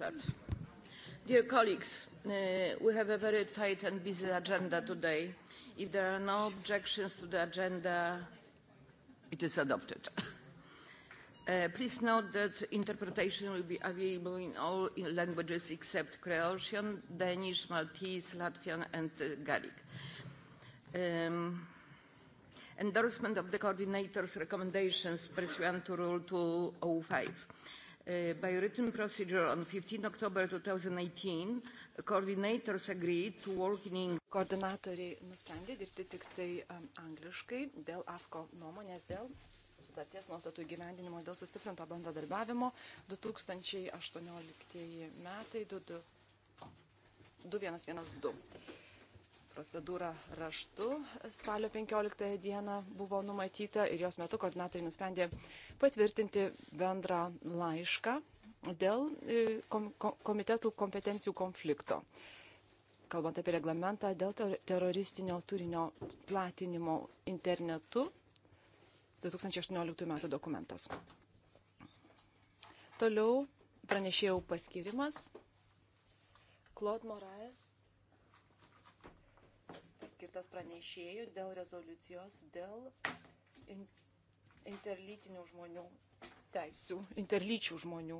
start. Dear colleagues, uh, we have a very tight and busy agenda today. If there are no objections to the agenda, it is adopted. Uh, please note that interpretation will be available in all in languages except Croatian, Danish, Maltese, Latvian and uh, Gaelic. Um, endorsement of the coordinators' recommendations pursuant to Rule 205 Uh, e, by written procedure on 15 October 2018, coordinators agreed to work in English. Koordinatoriai nusprendė dirbti tik tai um, angliškai dėl AFKO nuomonės, dėl sutarties nuostatų įgyvendinimo, dėl sustiprinto bendradarbiavimo 2018 metai 2112. Procedūra raštu spalio 15 dieną buvo numatyta ir jos metu koordinatoriai nusprendė patvirtinti bendrą laišką dėl e, komitetų kompetencijų konflikto. Kalbant apie reglamentą dėl teroristinio turinio platinimo internetu 2018 m. dokumentas. Toliau pranešėjau paskirimas. Claude Moraes skirtas pranešėjų dėl rezoliucijos dėl in, interlytinių žmonių teisų, interlyčių žmonių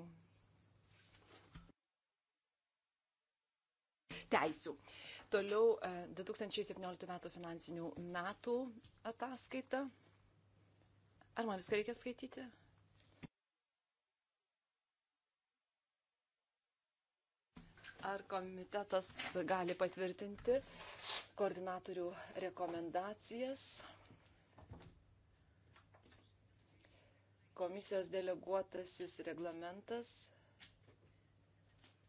teisų. Toliau 2017 e, metų finansinių metų ataskaita. Ar man viską reikia skaityti? Ar komitetas gali patvirtinti koordinatorių rekomendacijas. Komisijos deleguotasis reglamentas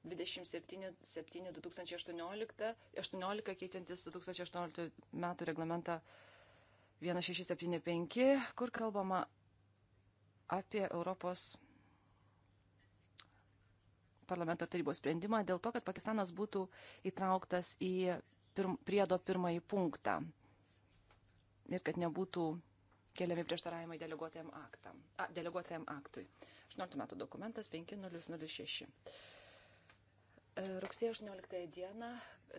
27.2018 keitintis 2018 metų reglamentą 1675, kur kalbama apie Europos parlamento tarybos sprendimą dėl to, kad Pakistanas būtų įtrauktas į pirm, priedo pirmąjį punktą ir kad nebūtų keliami prieštaravimai deleguotėm aktam, a, deleguotėm aktui. 18 metų dokumentas 5006. E, rugsėjo 18 dieną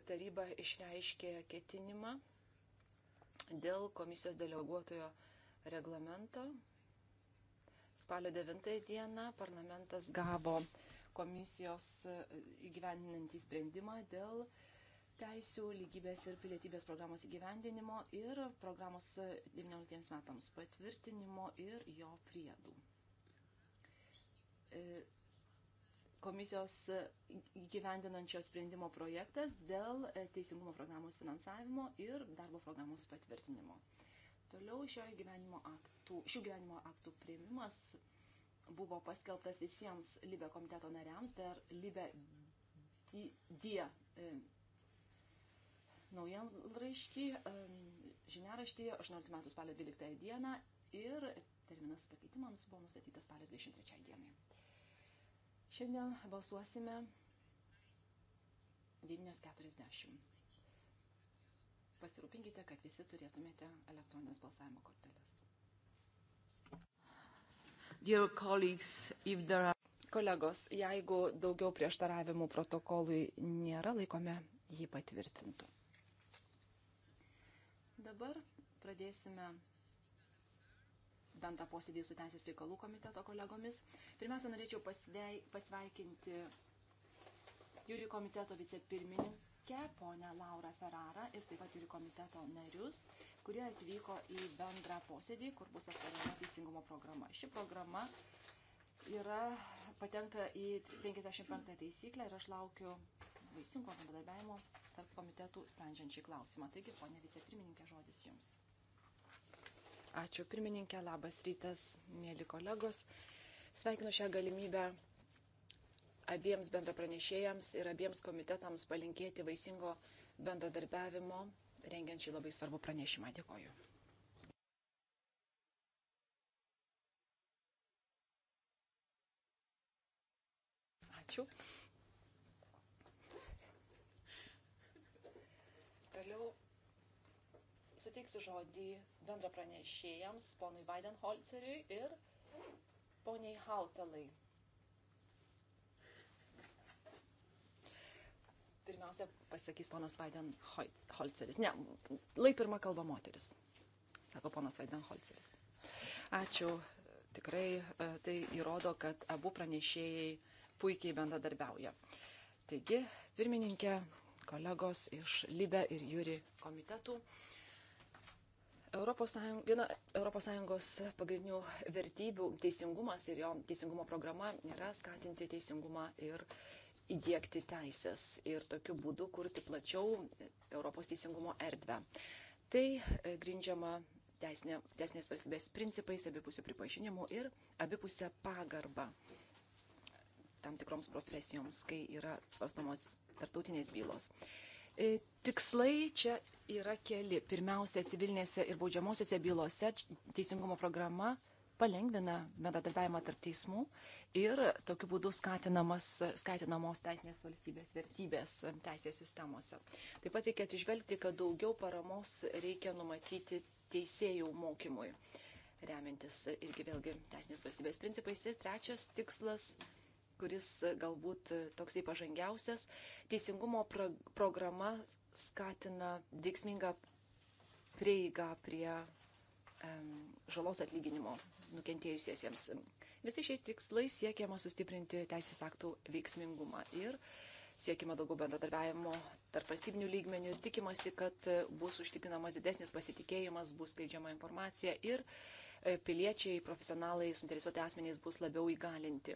taryba išreiškė ketinimą dėl komisijos deleguotojo reglamento. Spalio 9 dieną parlamentas gavo komisijos e, įgyvendinantį sprendimą dėl uh, teisų, lygybės ir pilietybės programos įgyvendinimo ir programos 19 metams patvirtinimo ir jo priedų. E, komisijos gyvendinančio sprendimo projektas dėl e, teisingumo programos finansavimo ir darbo programos patvirtinimo. Toliau šio gyvenimo aktų, šių gyvenimo aktų prieimimas buvo paskelbtas visiems Libė komiteto nariams per Libė D, D e, naujienlaiškį, žiniaraštį 18 metų spalio 12 dieną ir terminas pakeitimams buvo nustatytas spalio 23 dienai. Šiandien balsuosime 9.40. Pasirūpinkite, kad visi turėtumėte elektroninės balsavimo korteles. Dear colleagues, if there are kolegos, jeigu daugiau prieštaravimų protokolui nėra, laikome jį patvirtintų. Dabar pradėsime bendrą posėdį su Teisės reikalų komiteto kolegomis. Pirmiausia, norėčiau pasvei, pasveikinti Jūri komiteto vicepirmininkę, ponę Laurą Ferrarą ir taip pat Jūri komiteto narius, kurie atvyko į bendrą posėdį, kur bus aptariama teisingumo programa. Ši programa yra, patenka į 55 taisyklę ir aš laukiu vaisingo bendradarbiavimo tarp komitetų sprendžiant šį klausimą. Taigi, ponė vicepirmininkė, žodis jums. Ačiū pirmininkė, labas rytas, mėly kolegos. Sveikinu šią galimybę abiems bendropranešėjams ir abiems komitetams palinkėti vaisingo bendradarbiavimo, rengiant šį labai svarbų pranešimą. Dėkoju. Ačiū. suteiksiu žodį bendra pranešėjams, ponui Weidenholzeriui ir poniai Hautalai. Pirmiausia, pasakys ponas Weidenholzeris. Ne, lai pirmą kalba moteris, sako ponas Weidenholzeris. Ačiū. Tikrai e, tai įrodo, kad abu pranešėjai puikiai bendradarbiauja. Taigi, pirmininkė, kolegos iš Libe ir Jūri komitetų. Europos Sąjung, viena ES pagrindinių vertybių teisingumas ir jo teisingumo programa yra skatinti teisingumą ir įdėkti teisės ir tokiu būdu kurti plačiau Europos teisingumo erdvę. Tai e, grindžiama teisinė, teisinės valstybės principais, abipusių pripažinimų ir abipusę pagarbą tam tikroms profesijoms, kai yra svarstomos tarptautinės bylos. E, tikslai čia yra keli. Pirmiausia, civilinėse ir baudžiamosiose bylose teisingumo programa palengvina bendradarbiavimą tarp teismų ir tokiu būdu skatinamos teisinės valstybės vertybės teisės sistemose. Taip pat reikia atsižvelgti, kad daugiau paramos reikia numatyti teisėjų mokymui, remintis irgi vėlgi teisinės valstybės principais. Ir trečias tikslas kuris e, galbūt e, toksai pažangiausias. Teisingumo pro programa skatina veiksmingą prieigą prie žalos atlyginimo nukentėjusiesiems. Visais šiais tikslais siekiama sustiprinti teisės aktų veiksmingumą ir siekiama daugiau bendradarbiavimo tarp valstybinių lygmenių ir tikimasi, kad e, bus užtikrinamas didesnis pasitikėjimas, bus skleidžiama informacija ir piliečiai, profesionalai, suinteresuoti asmenys bus labiau įgalinti.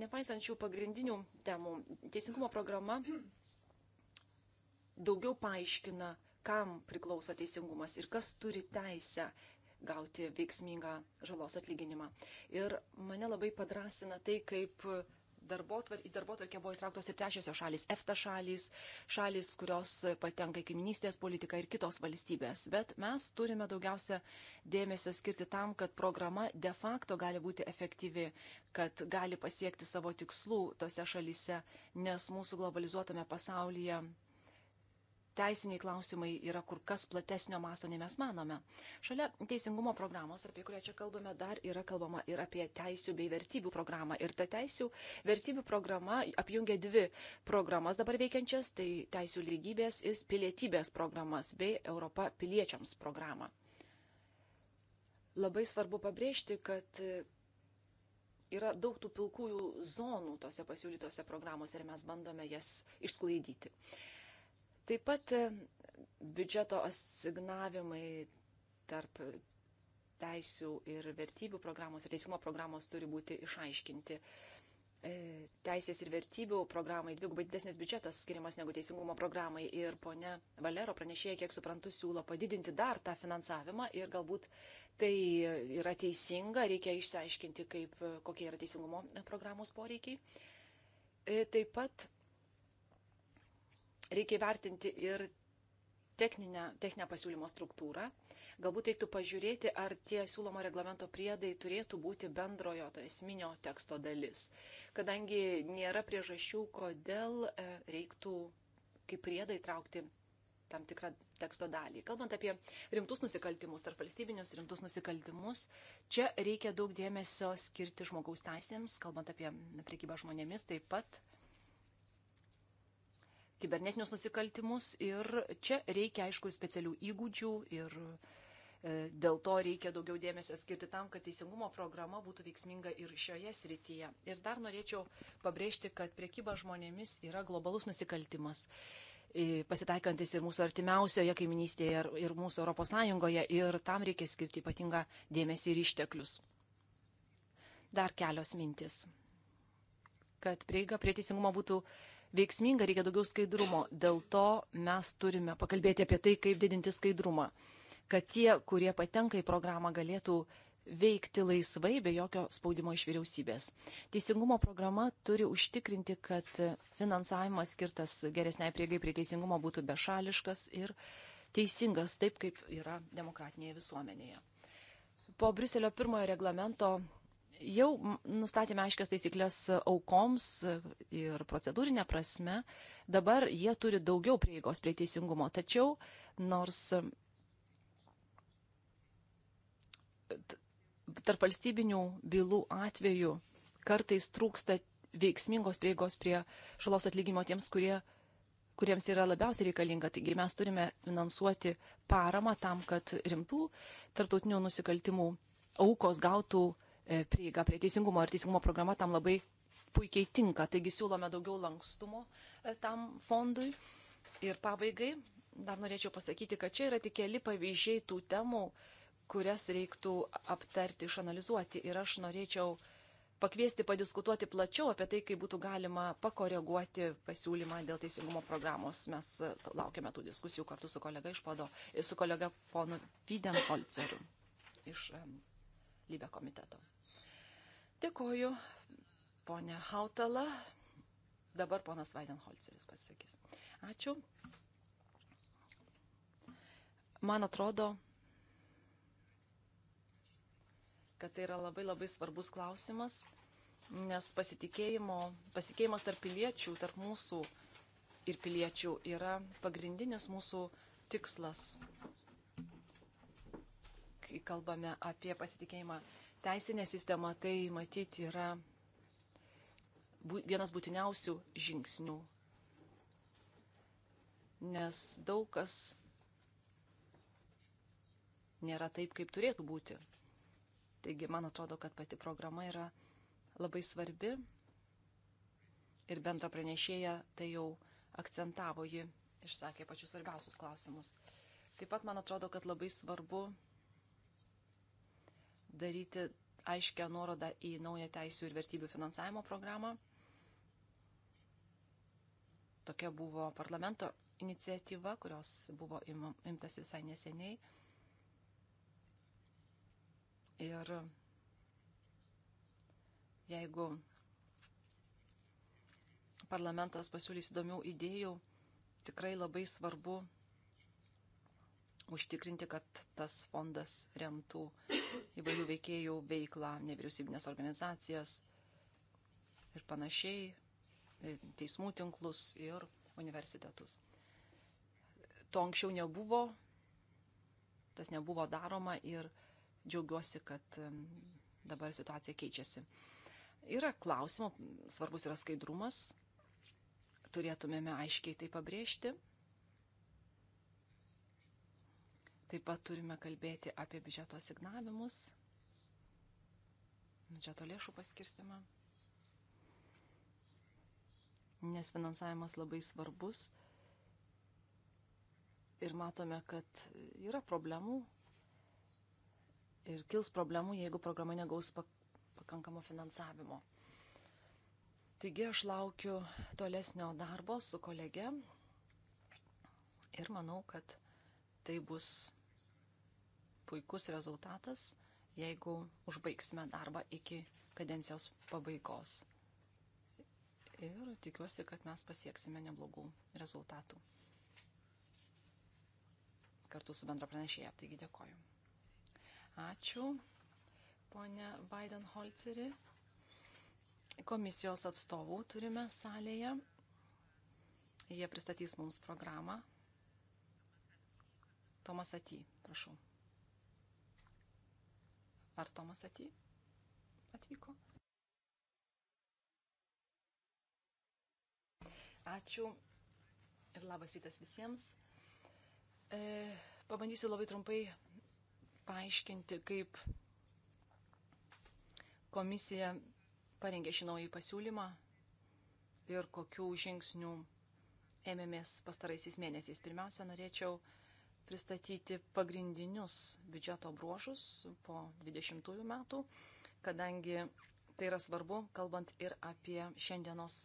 Nepaisant šių pagrindinių temų, teisingumo programa daugiau paaiškina, kam priklauso teisingumas ir kas turi teisę gauti veiksmingą žalos atlyginimą. Ir mane labai padrasina tai, kaip darbotvar, į darbotvarkę buvo įtrauktos ir trečiosios šalis, EFTA šalis, šalis, kurios patenka į kaiminystės politiką ir kitos valstybės. Bet mes turime daugiausia dėmesio skirti tam, kad programa de facto gali būti efektyvi, kad gali pasiekti savo tikslų tose šalise, nes mūsų globalizuotame pasaulyje teisiniai klausimai yra kur kas platesnio masto, nei mes manome. Šalia teisingumo programos, apie kurią čia kalbame, dar yra kalbama ir apie teisų bei vertybių programą. Ir ta teisų vertybių programa apjungia dvi programas dabar veikiančias - tai teisų lygybės ir pilietybės programas bei Europa piliečiams programą. Labai svarbu pabrėžti, kad yra daug tų pilkųjų zonų tose pasiūlytose programose ir mes bandome jas išsklaidyti. Taip pat e, biudžeto asignavimai tarp teisių ir vertybių programos ir teisingumo programos turi būti išaiškinti. E, teisės ir vertybių programai dvigubai didesnis biudžetas skiriamas negu teisingumo programai ir ponia Valero pranešėja, kiek suprantu, siūlo padidinti dar tą finansavimą ir galbūt tai yra teisinga, reikia išsiaiškinti, kaip, kokie yra teisingumo programos poreikiai. E, taip pat reikia vertinti ir techninę, techninę pasiūlymo struktūrą. Galbūt reiktų pažiūrėti, ar tie siūlomo reglamento priedai turėtų būti bendrojo to esminio teksto dalis. Kadangi nėra priežasčių, kodėl e, reiktų kaip priedą įtraukti tam tikrą teksto dalį. Kalbant apie rimtus nusikaltimus, tarp valstybinius rimtus nusikaltimus, čia reikia daug dėmesio skirti žmogaus teisėms, kalbant apie prekybą žmonėmis taip pat kibernetinius nusikaltimus ir čia reikia, aišku, specialių įgūdžių ir e, dėl to reikia daugiau dėmesio skirti tam, kad teisingumo programa būtų veiksminga ir šioje srityje. Ir dar norėčiau pabrėžti, kad priekyba žmonėmis yra globalus nusikaltimas, e, pasitaikantis ir mūsų artimiausioje kaiminystėje, ir mūsų ES, ir tam reikia skirti ypatingą dėmesį ir išteklius. Dar kelios mintis kad prieiga prie teisingumo būtų uh, veiksminga, reikia daugiau skaidrumo. Dėl to mes turime pakalbėti apie tai, kaip didinti skaidrumą, kad tie, kurie patenka į programą, galėtų veikti laisvai be jokio spaudimo iš vyriausybės. Teisingumo programa turi užtikrinti, kad finansavimas skirtas geresniai prieigai prie teisingumo būtų bešališkas ir teisingas taip, kaip yra demokratinėje visuomenėje. Po Briuselio pirmojo reglamento Jau nustatėme aiškias taisyklės aukoms ir procedūrinė prasme, dabar jie turi daugiau prieigos prie teisingumo. Tačiau, nors tarp valstybinių bylų atveju kartais trūksta veiksmingos prieigos prie šalos atlygimo tiems, kurie, kuriems yra labiausiai reikalinga. Taigi mes turime finansuoti paramą tam, kad rimtų tarptautinių nusikaltimų aukos gautų E, prieigą prie teisingumo ir teisingumo programa tam labai puikiai tinka. Taigi siūlome daugiau lankstumo e, tam fondui. Ir pabaigai dar norėčiau pasakyti, kad čia yra tik keli pavyzdžiai tų temų, kurias reiktų aptarti, išanalizuoti. Ir aš norėčiau pakviesti padiskutuoti plačiau apie tai, kaip būtų galima pakoreguoti pasiūlymą dėl teisingumo programos. Mes e, laukiame tų diskusijų kartu su kolega iš Pado ir su kolega ponu Videnholceriu iš um, Lybė komiteto. Dėkoju, ponė Hautala. Dabar ponas Vaidenholceris pasakys. Ačiū. Man atrodo, kad tai yra labai labai svarbus klausimas, nes pasitikėjimas tarp piliečių, tarp mūsų ir piliečių yra pagrindinis mūsų tikslas, kai kalbame apie pasitikėjimą teisinė sistema, tai matyti yra vienas būtiniausių žingsnių. Nes daug kas nėra taip, kaip turėtų būti. Taigi, man atrodo, kad pati programa yra labai svarbi ir bendra pranešėja tai jau akcentavo ji, išsakė pačius svarbiausius klausimus. Taip pat man atrodo, kad labai svarbu daryti aiškę nuorodą į naują teisų ir vertybių finansavimo programą. Tokia buvo parlamento iniciatyva, kurios buvo imtas visai neseniai. Ir jeigu parlamentas pasiūlys įdomių idėjų, tikrai labai svarbu užtikrinti, kad tas fondas remtų įvairių veikėjų veiklą, nevyriausybinės organizacijas ir panašiai, teismų tinklus ir universitetus. To anksčiau nebuvo, tas nebuvo daroma ir džiaugiuosi, kad dabar situacija keičiasi. Yra klausimų, svarbus yra skaidrumas, turėtumėme aiškiai tai pabrėžti Taip pat turime kalbėti apie biudžeto signavimus, biudžeto lėšų paskirstimą, nes finansavimas labai svarbus ir matome, kad yra problemų ir kils problemų, jeigu programa negaus pakankamo finansavimo. Taigi aš laukiu tolesnio darbo su kolege ir manau, kad tai bus puikus rezultatas, jeigu užbaigsime darbą iki kadencijos pabaigos. Ir tikiuosi, kad mes pasieksime neblogų rezultatų kartu su bendra pranešėja. Taigi dėkoju. Ačiū, ponė Biden Holceri. Komisijos atstovų turime salėje. Jie pristatys mums programą. Tomas Aty, prašau. Ar Tomas aty? atvyko? Ačiū ir labas rytas visiems. E, pabandysiu labai trumpai paaiškinti, kaip komisija parengė šį naują pasiūlymą ir kokių žingsnių ėmėmės pastaraisiais mėnesiais. Pirmiausia, norėčiau e, pristatyti pagrindinius biudžeto bruožus po 20 metų, kadangi tai yra svarbu, kalbant ir apie šiandienos,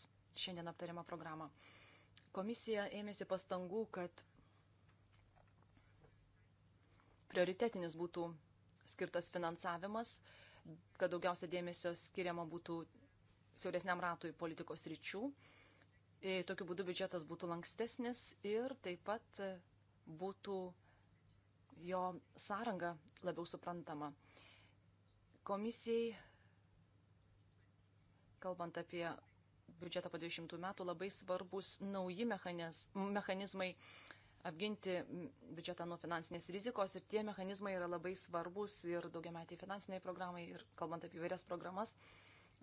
šiandien aptariamą programą. Komisija ėmėsi pastangų, kad prioritetinis būtų skirtas finansavimas, kad daugiausia dėmesio skiriama būtų siauresniam ratui politikos ryčių. Tokiu būdu biudžetas būtų lankstesnis ir taip pat būtų jo sąranga labiau suprantama. Komisijai, kalbant apie biudžetą po 20 metų, labai svarbus nauji mechanizmai apginti biudžetą nuo finansinės rizikos ir tie mechanizmai yra labai svarbus ir daugiametiai finansiniai programai ir kalbant apie vairias programas.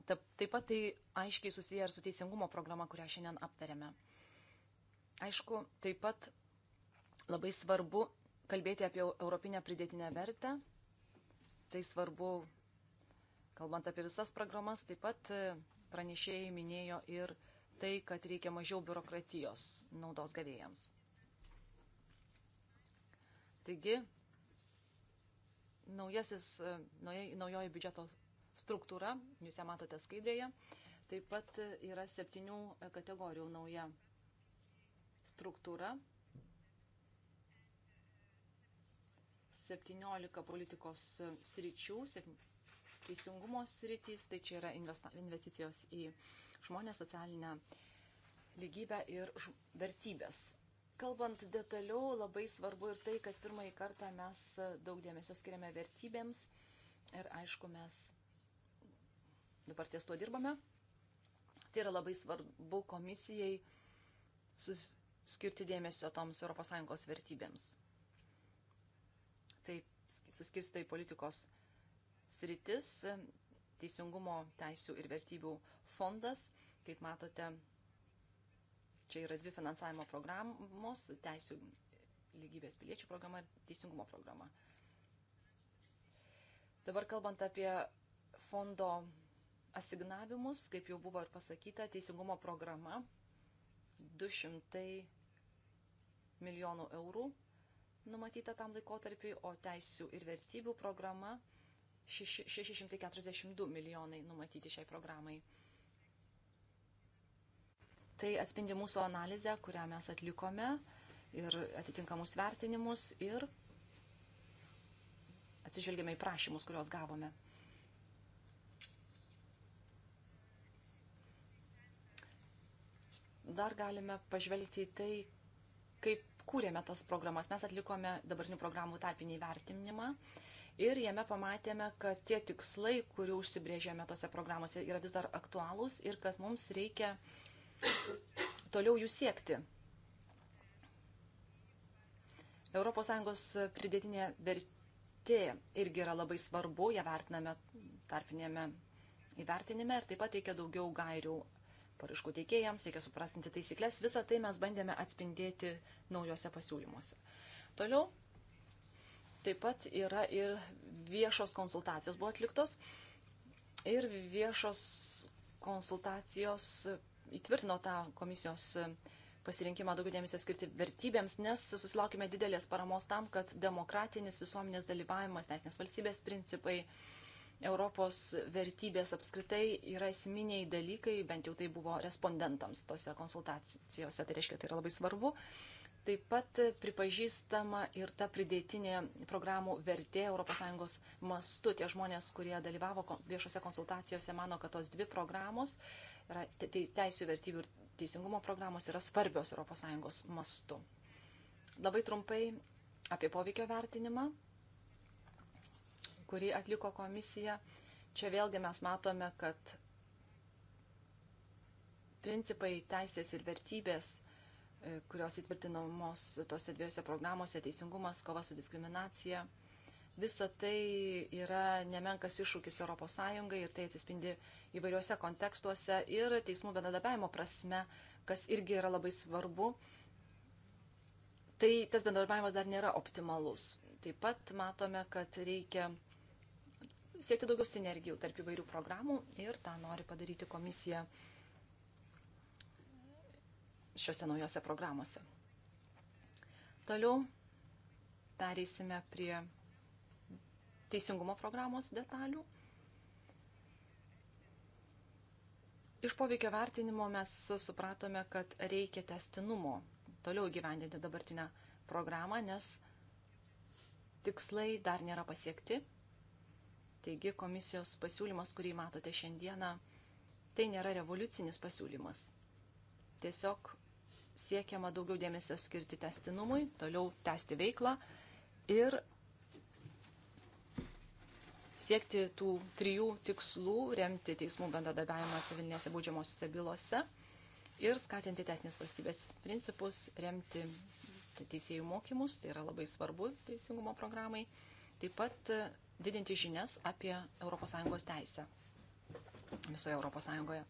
Ta, taip pat tai aiškiai susiję ir su teisingumo programa, kurią šiandien aptarėme. Aišku, taip pat Labai svarbu kalbėti apie europinę pridėtinę vertę. Tai svarbu, kalbant apie visas programas, taip pat e, pranešėjai minėjo ir tai, kad reikia mažiau biurokratijos naudos gavėjams. Taigi, naujasis, e, naujoji biudžeto struktūra, jūs ją matote skaidrėje, taip pat e, yra septynių kategorijų nauja struktūra 17 politikos sričių, teisingumo sritys, tai čia yra investicijos į žmonės, socialinę lygybę ir vertybės. Kalbant detaliau, labai svarbu ir tai, kad pirmąjį kartą mes daug dėmesio skiriame vertybėms ir aišku, mes dabar ties tuo dirbame. Tai yra labai svarbu komisijai skirti dėmesio toms ES vertybėms taip suskirsta į politikos sritis - teisingumo, teisų ir vertybių fondas. Kaip matote, čia yra dvi finansavimo programos - teisų lygybės piliečių programa ir teisingumo programa. Dabar kalbant apie fondo asignavimus, kaip jau buvo ir pasakyta, teisingumo programa 200 milijonų eurų numatyta tam laikotarpiui, o teisų ir vertybių programa 642 milijonai numatyti šiai programai. Tai atspindi mūsų analizę, kurią mes atlikome ir atitinkamus vertinimus ir atsižvelgėme į prašymus, kuriuos gavome. Dar galime pažvelgti į tai, kaip kūrėme tas programas. Mes atlikome dabartinių programų tarpinį vertinimą ir jame pamatėme, kad tie tikslai, kurių užsibrėžėme tose programuose, yra vis dar aktualūs ir kad mums reikia toliau jų siekti. ES pridėtinė vertė irgi yra labai svarbu, ją vertiname tarpinėme įvertinime ir taip pat reikia daugiau gairių paraiškų teikėjams, reikia suprastinti taisyklės, visą tai mes bandėme atspindėti naujose pasiūlymuose. Toliau taip pat yra ir viešos konsultacijos buvo atliktos ir viešos konsultacijos įtvirtino tą komisijos pasirinkimą daugiau dėmesio skirti vertybėms, nes susilaukime didelės paramos tam, kad demokratinis visuomenės dalyvavimas, teisinės valstybės principai, uh, Europos vertybės apskritai yra esminiai dalykai, bent jau tai buvo respondentams tose konsultacijose, tai reiškia, tai yra labai svarbu. Taip pat pripažįstama ir ta pridėtinė programų vertė ES mastu. Tie žmonės, kurie dalyvavo viešose konsultacijose, mano, kad tos dvi programos, teisų vertybių ir teisingumo programos, yra svarbios ES mastu. Labai trumpai apie poveikio vertinimą kurį atliko komisija. Čia vėlgi mes matome, kad principai, teisės ir vertybės, e, kurios įtvirtinamos tose dviejose programuose - teisingumas, kova su diskriminacija - visa tai yra nemenkas iššūkis ES ir tai atsispindi įvairiuose kontekstuose ir teismų bendradarbiavimo prasme, kas irgi yra labai svarbu. Tai tas bendradarbiavimas dar nėra optimalus. Taip pat matome, kad reikia siekti daugiau sinergijų tarp įvairių programų ir tą nori padaryti komisija šiuose naujose programuose. Toliau pereisime prie teisingumo programos detalių. Iš poveikio vertinimo mes supratome, kad reikia testinumo toliau gyvendinti dabartinę programą, nes tikslai dar nėra pasiekti Taigi komisijos pasiūlymas, kurį matote šiandieną, tai nėra revoliucinis pasiūlymas. Tiesiog siekiama daugiau dėmesio skirti testinumui, toliau tęsti veiklą ir siekti tų trijų tikslų - remti teismų bendradarbiavimą civilinėse būdžiamosiose bylose ir skatinti teisinės valstybės principus, remti teisėjų mokymus, tai yra labai svarbu teisingumo programai. Taip pat didinti žinias apie ES teisę visoje ES.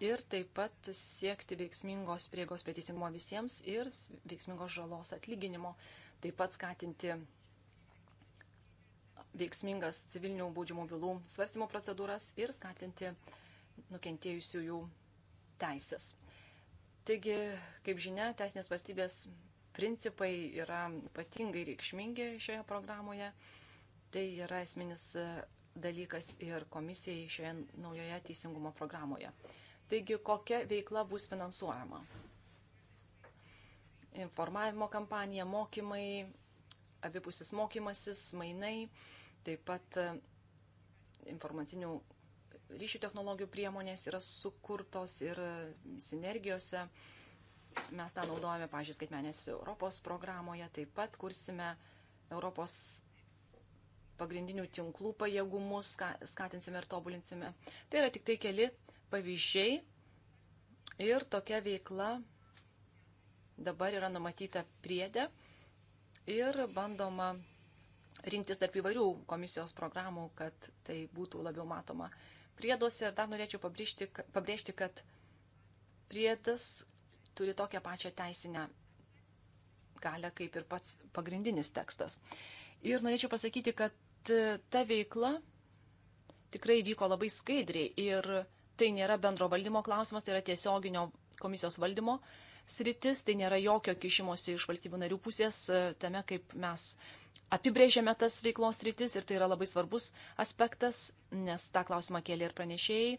Ir taip pat siekti veiksmingos prieigos prie teisingumo visiems ir veiksmingos žalos atlyginimo. Taip pat skatinti veiksmingas civilinių baudžiamų bylų svarstymo procedūras ir skatinti nukentėjusiųjų teisės. Taigi, kaip žinia, teisinės valstybės principai yra ypatingai reikšmingi šioje programoje Tai yra esminis e, dalykas ir komisijai šioje naujoje teisingumo programoje. Taigi, kokia veikla bus finansuojama? Informavimo kampanija, mokymai, abipusis mokymasis, mainai, taip pat e, informacinių ryšių technologijų priemonės yra sukurtos ir e, sinergijose. Mes tą naudojame, pažiūrėjau, skaitmenės Europos programoje, taip pat kursime Europos pagrindinių tinklų pajėgumus, skatinsime ir tobulinsime. Tai yra tik tai keli pavyzdžiai ir tokia veikla dabar yra numatyta priedė ir bandoma rinktis tarp įvairių komisijos programų, kad tai būtų labiau matoma prieduose. Ir dar norėčiau pabrėžti, pabrėžti kad priedas turi tokią pačią teisinę galę kaip ir pats pagrindinis tekstas. Ir norėčiau pasakyti, kad E, ta veikla tikrai vyko labai skaidriai ir tai nėra bendro valdymo klausimas, tai yra tiesioginio komisijos valdymo sritis, tai nėra jokio kišimosi iš valstybių narių pusės e, tame, kaip mes apibrėžėme tas veiklos sritis ir tai yra labai svarbus aspektas, nes tą klausimą kėlė ir pranešėjai.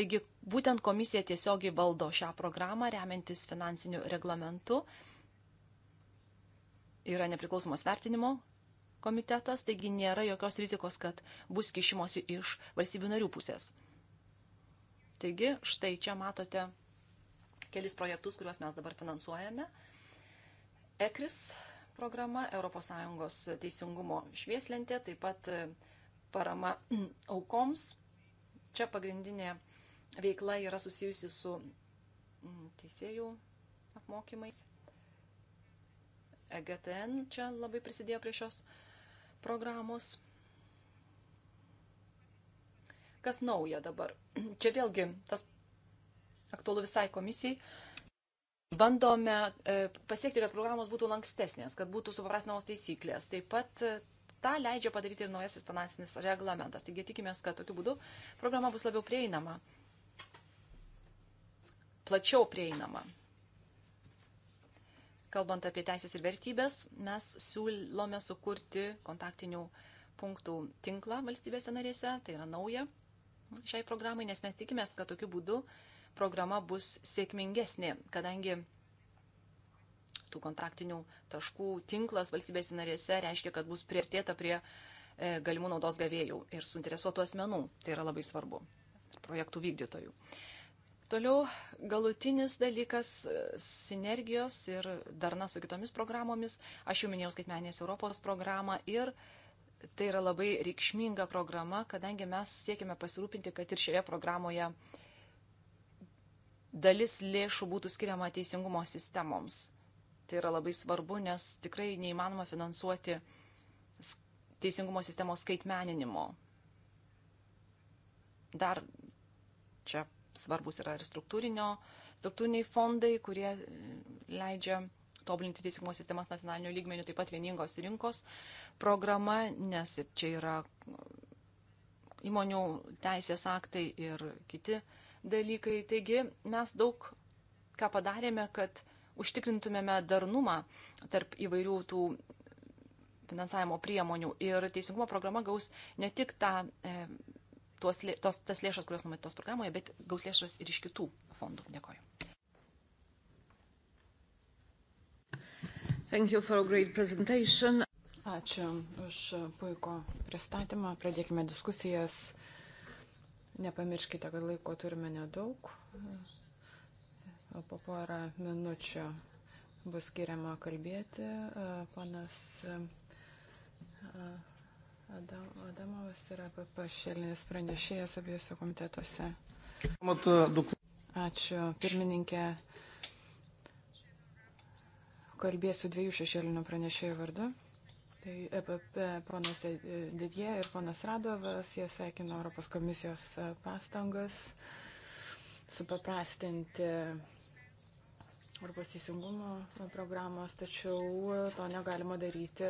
Taigi būtent komisija tiesiogiai valdo šią programą remiantis finansiniu reglamentu. Yra nepriklausomas vertinimo komitetas, taigi nėra jokios rizikos, kad bus kišimosi iš valstybių narių pusės. Taigi, štai čia matote kelis projektus, kuriuos mes dabar finansuojame. ECRIS programa, ES teisingumo švieslentė, taip pat e, parama mm, aukoms. Čia pagrindinė veikla yra susijusi su mm, teisėjų apmokymais. EGTN čia labai prisidėjo prie šios programos. Kas nauja dabar? Čia vėlgi tas aktualu visai komisijai. Bandome e, pasiekti, kad programos būtų lankstesnės, kad būtų suprasnamos taisyklės. Taip pat e, tą leidžia padaryti ir naujasis finansinis reglamentas. Taigi tikimės, kad tokiu būdu programa bus labiau prieinama, plačiau prieinama Kalbant apie teisės ir vertybės, mes siūlome sukurti kontaktinių punktų tinklą valstybėse narėse, tai yra nauja šiai programai, nes mes tikimės, kad tokiu būdu programa bus sėkmingesnė, kadangi tų kontaktinių taškų tinklas valstybės narėse reiškia, kad bus prieartėta prie e, galimų naudos gavėjų ir suinteresuotų asmenų. Tai yra labai svarbu. Ir projektų vykdytojų. Toliau galutinis dalykas - sinergijos ir darna su kitomis programomis. Aš jau minėjau skaitmenės Europos programą ir tai yra labai reikšminga programa, kadangi mes siekime pasirūpinti, kad ir šioje programoje dalis lėšų būtų skiriama teisingumo sistemoms. Tai yra labai svarbu, nes tikrai neįmanoma finansuoti teisingumo sistemos skaitmeninimo. Dar čia svarbus yra ir struktūriniai fondai, kurie e, leidžia tobulinti teisingumo sistemas nacionalinių lygmenių, taip pat vieningos rinkos programa, nes čia yra e, įmonių teisės aktai ir kiti dalykai. Taigi mes daug ką padarėme, kad užtikrintumėme darnumą tarp įvairių tų finansavimo priemonių ir teisingumo programa gaus ne tik tą e, tuos, tos, tas lėšas, kurios numatytos programoje, bet gaus lėšas ir iš kitų fondų. Dėkoju. Ačiū už puiko pristatymą. Pradėkime diskusijas. Nepamirškite, kad laiko turime nedaug. Po porą minučių bus skiriama kalbėti. Panas Adam, Adamovas yra pašėlinis pranešėjas abiejose komitetuose. E, Ačiū, pirmininkė. Kalbėsiu dviejų šešėlinių pranešėjų vardu. Tai EPP ponas Didie ir ponas Radovas, jie sveikino Europos komisijos e, pastangas supaprastinti arba teisingumo programos, tačiau e, to negalima daryti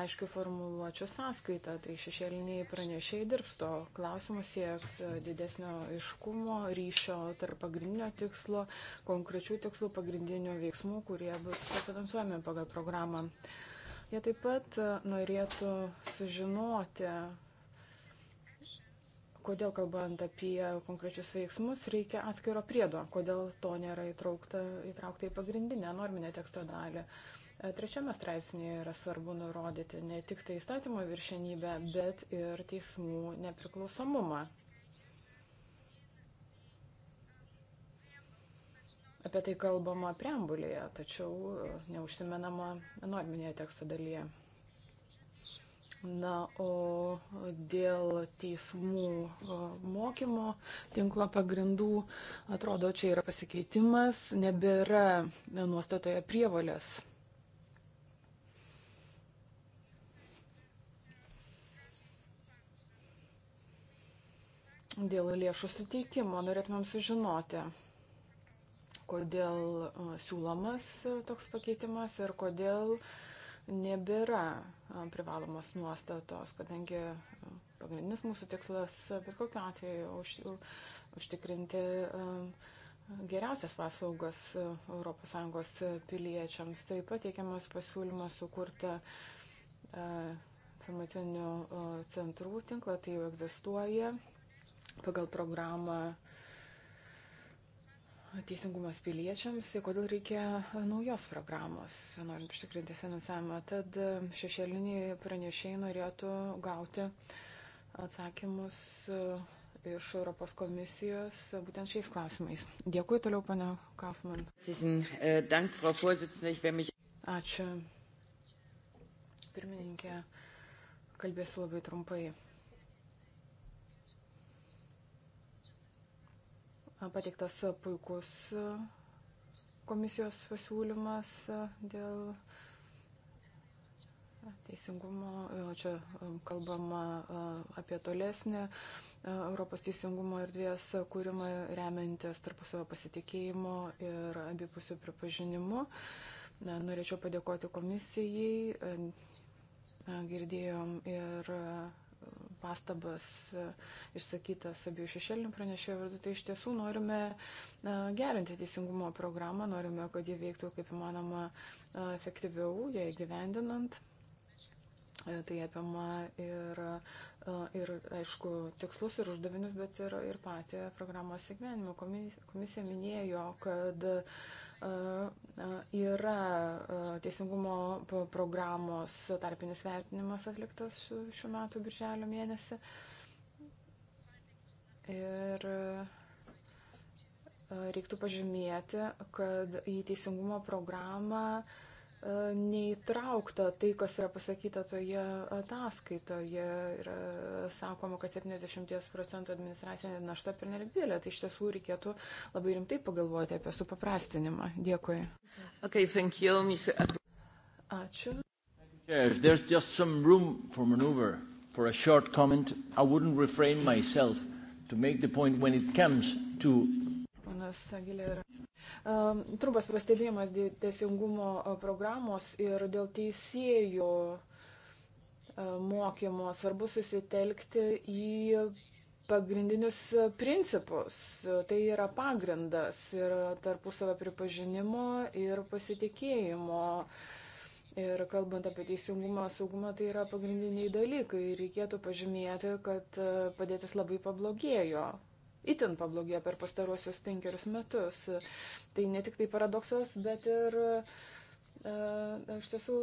aiškių formuluočių sąskaitą. Tai šešėliniai pranešėjai dirbs to klausimus sieks e, didesnio aiškumo, ryšio tarp pagrindinio tikslo, konkrečių tikslų, pagrindinių veiksmų, kurie bus finansuojami pagal programą. Jie taip pat e, norėtų sužinoti, kodėl kalbant apie konkrečius veiksmus reikia atskiro priedo, kodėl to nėra įtraukta, įtraukta į pagrindinę norminę teksto dalį. E, trečiame straipsnėje yra svarbu nurodyti ne tik tai įstatymo viršenybę, bet ir teismų nepriklausomumą. Apie tai kalbama preambulėje, tačiau neužsimenama norminėje teksto dalyje. Na, o dėl teismų mokymo tinklo pagrindų, atrodo, čia yra pasikeitimas, nebėra nuostatoje prievalės. Dėl lėšų suteikimo norėtumėm sužinoti, kodėl siūlomas e, toks pakeitimas ir kodėl uh, nebėra privalomos nuostatos, kadangi pagrindinis mūsų tikslas bet kokiu atveju už, užtikrinti geriausias paslaugas ES piliečiams. Taip pat teikiamas pasiūlymas sukurti informacinių centrų tinklą, tai jau egzistuoja pagal programą teisingumas piliečiams ir kodėl reikia e, naujos programos, norint užtikrinti finansavimą. Tad e, šešėliniai pranešėjai norėtų gauti atsakymus e, iš Europos komisijos būtent šiais klausimais. Dėkui toliau, pane Kaufman. Ačiū. Pirmininkė, kalbėsiu labai trumpai. pateiktas puikus e, komisijos pasiūlymas e, dėl e, teisingumo. Čia kalbama apie tolesnį Europos teisingumo erdvės kūrimą remiantis tarpusavio pasitikėjimo ir abipusių pripažinimu. Norėčiau padėkoti komisijai. Girdėjom ir pastabas e, išsakytas abiejų šešėlinių pranešėjų vardu. Tai iš tiesų norime e, gerinti teisingumo programą, norime, kad jie veiktų kaip įmanoma e, efektyviau, ją įgyvendinant. Tai apima ir, ir, aišku, tikslus ir uždavinius, bet ir, ir patį programos įgyvenimą. Komisija minėjo, kad uh, E, e, yra e, teisingumo programos tarpinis vertinimas atliktas šiuo metu birželio mėnesį. Ir reiktų pažymėti, kad į teisingumo programą neįtraukta tai, kas yra pasakyta toje ataskaitoje. Yra sakoma, kad 70 procentų administracinė našta per nedidelė. Tai iš tiesų reikėtų labai rimtai pagalvoti apie supaprastinimą. Dėkui. Okay, thank you, Mr. Ačiū. Yeah, if there's just some room for maneuver, for a short comment, I wouldn't refrain myself to make the point when it comes to ponas Agilera. Trumpas pastebėjimas dėl teisingumo e, programos ir dėl teisėjų e, mokymo. Svarbu susitelkti į pagrindinius principus. Tai yra pagrindas ir tarpusavio pripažinimo ir pasitikėjimo. Ir kalbant apie teisingumą, saugumą, tai yra pagrindiniai dalykai. Reikėtų pažymėti, kad e, padėtis labai pablogėjo itin pablogėjo per pastarosius penkerius metus. Tai ne tik tai paradoksas, bet ir E, iš tiesų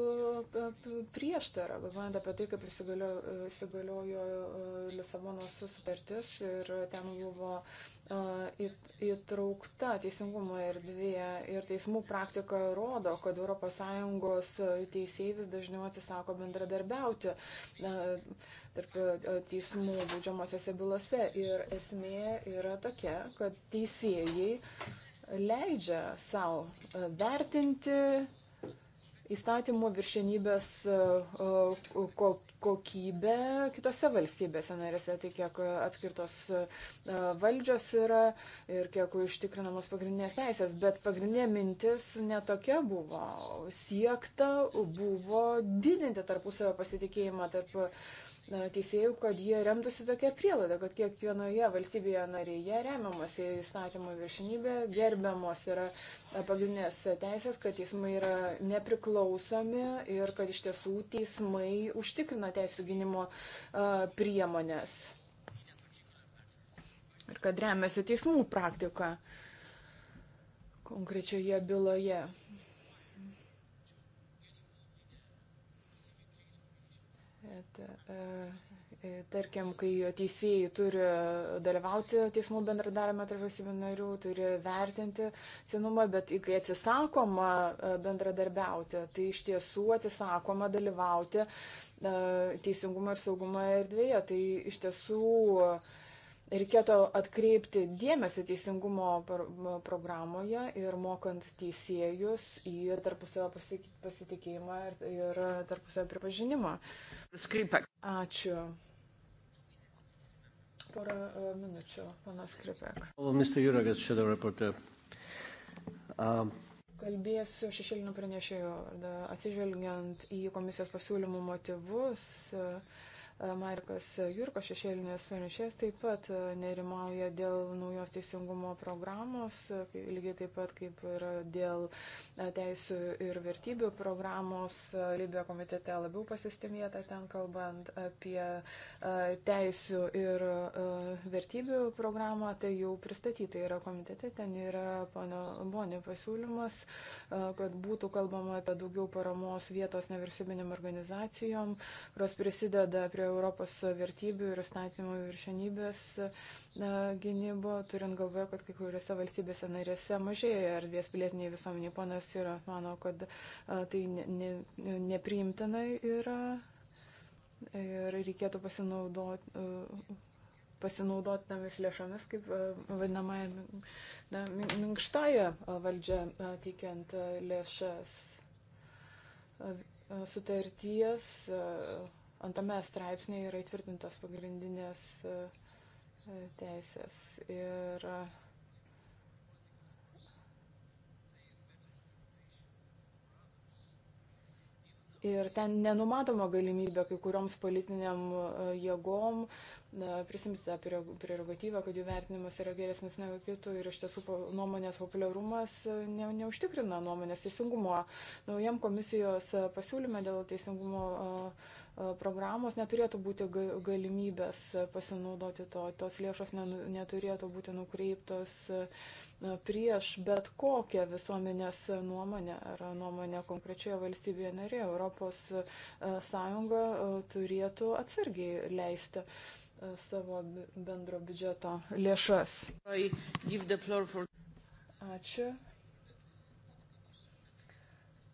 prieštara, galvojant apie tai, kaip įsigaliojo e, Lisabonos sutartis ir ten buvo e, įtraukta teisingumo erdvė ir teismų praktika rodo, kad ES teisėjai vis dažniau atsisako bendradarbiauti tarp teismų būdžiamosiose bylose. Ir esmė yra tokia, kad teisėjai leidžia savo vertinti įstatymų viršenybės e, e, kokybė kitose valstybėse narėse, tai kiek atskirtos e, valdžios yra ir kiek užtikrinamos pagrindinės teisės. Bet pagrindinė mintis netokia buvo. Siekta buvo didinti tarpusavio pasitikėjimą tarp na, teisėjų, kad jie remtųsi tokia prielaida, kad kiekvienoje valstybėje narėje remiamas į įstatymų viršinybę, gerbiamos yra e, pagrindinės teisės, kad teismai yra nepriklausomi ir kad iš tiesų teismai užtikrina teisų gynimo e, priemonės. Ir kad remiasi teismų praktika konkrečioje byloje. Bet, e, e, tarkim, kai teisėjai turi dalyvauti teismų bendradarbiavime tarp valstybių narių, turi vertinti senumą, bet kai atsisakoma e, bendradarbiauti, tai iš tiesų atsisakoma dalyvauti teisingumo ir saugumo erdvėje. Tai iš tiesų uh, reikėtų atkreipti dėmesį teisingumo programoje ir mokant teisėjus į tarpusavio pasitikėjimą ir tarpusavio pripažinimą. Skripek. Ačiū. Porą e, minučių, panas Skripek. Mr. Juragas, šiandien raporte. Um. Kalbėsiu šešėlinių pranešėjų, atsižvelgiant į komisijos pasiūlymų motyvus. Uh, E, Markas Jurko šešėlinės pranešės taip pat e, nerimauja dėl naujos teisingumo programos, e, lygiai taip pat kaip ir dėl teisų ir vertybių programos. Libija komitete labiau pasistimėta ten kalbant apie teisų ir vertybių programą, tai jau pristatyta yra komitete, ten yra pono Bonio pasiūlymas, kad būtų kalbama apie daugiau paramos vietos nevyriausybinėm organizacijom, kurios prisideda prie Europos vertybių ir įstatymų viršenybės gynybo, turint galvoje, kad kai kuriuose valstybėse narėse mažėja erdvės pilietiniai visuomeniai. Ponas yra, manau, kad tai ne, ne, nepriimtina yra ir reikėtų pasinaudoti pasinaudotinėmis lėšomis, kaip vadinamąją minkštąją valdžią teikiant lėšas sutarties Antame straipsnėje yra įtvirtintos pagrindinės e, e, teisės. Ir Ir ten nenumatoma galimybė kai kurioms politiniam e, jėgom prisimti tą prerogatyvą, kad jų vertinimas yra geresnis negu kitų ir iš tiesų nuomonės populiarumas e, ne, neužtikrina nuomonės teisingumo. Naujam komisijos e, pasiūlyme dėl teisingumo e, programos neturėtų būti galimybės pasinaudoti to, tos lėšos neturėtų būti nukreiptos prieš bet kokią visuomenės nuomonę ar nuomonę konkrečioje valstybėje narėje. Europos Sąjunga turėtų atsargiai leisti uh, savo bendro biudžeto lėšas. Ačiū.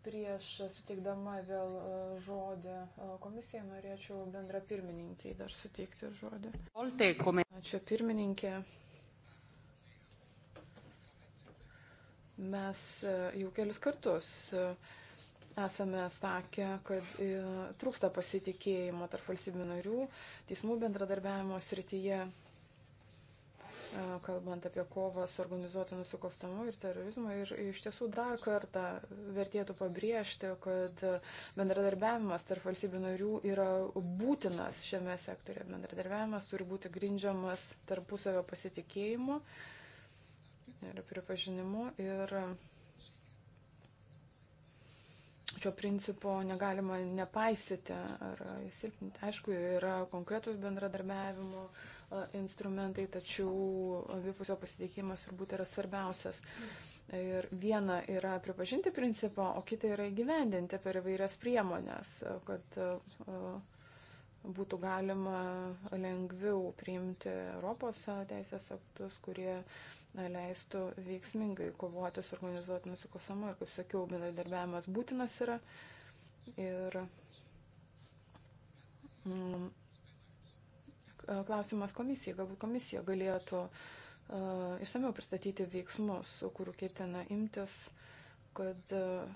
Prieš suteikdama vėl e, žodį e, komisijai norėčiau bendra pirmininkiai dar suteikti žodį. Ačiū pirmininkė. Mes e, jau kelis kartus esame sakę, kad e, trūksta pasitikėjimo tarp valstybių narių teismų bendradarbiavimo srityje, e, kalbant apie kovą su organizuotu nusikalstamu ir terorizmu. Ir iš tiesų dar kartą vertėtų pabrėžti, kad bendradarbiavimas tarp valstybių narių yra būtinas šiame sektorė. Bendradarbiavimas turi būti grindžiamas tarpusavio pasitikėjimu ir pripažinimu. Ir šio principo negalima nepaisyti ar silpninti. Aišku, yra konkretus bendradarbiavimo instrumentai, tačiau abipusio pasitikimas turbūt yra svarbiausias. Ir viena yra pripažinti principą, o kita yra įgyvendinti per įvairias priemonės, kad būtų galima lengviau priimti Europos teisės aktus, kurie uh, leistų veiksmingai kovoti su organizuotų nusikalstamu. Ir kaip sakiau, bendradarbiavimas būtinas yra. Ir mm, klausimas komisijai, galbūt komisija galėtų uh, išsameu pristatyti veiksmus, kurių ketina imtis, kad uh,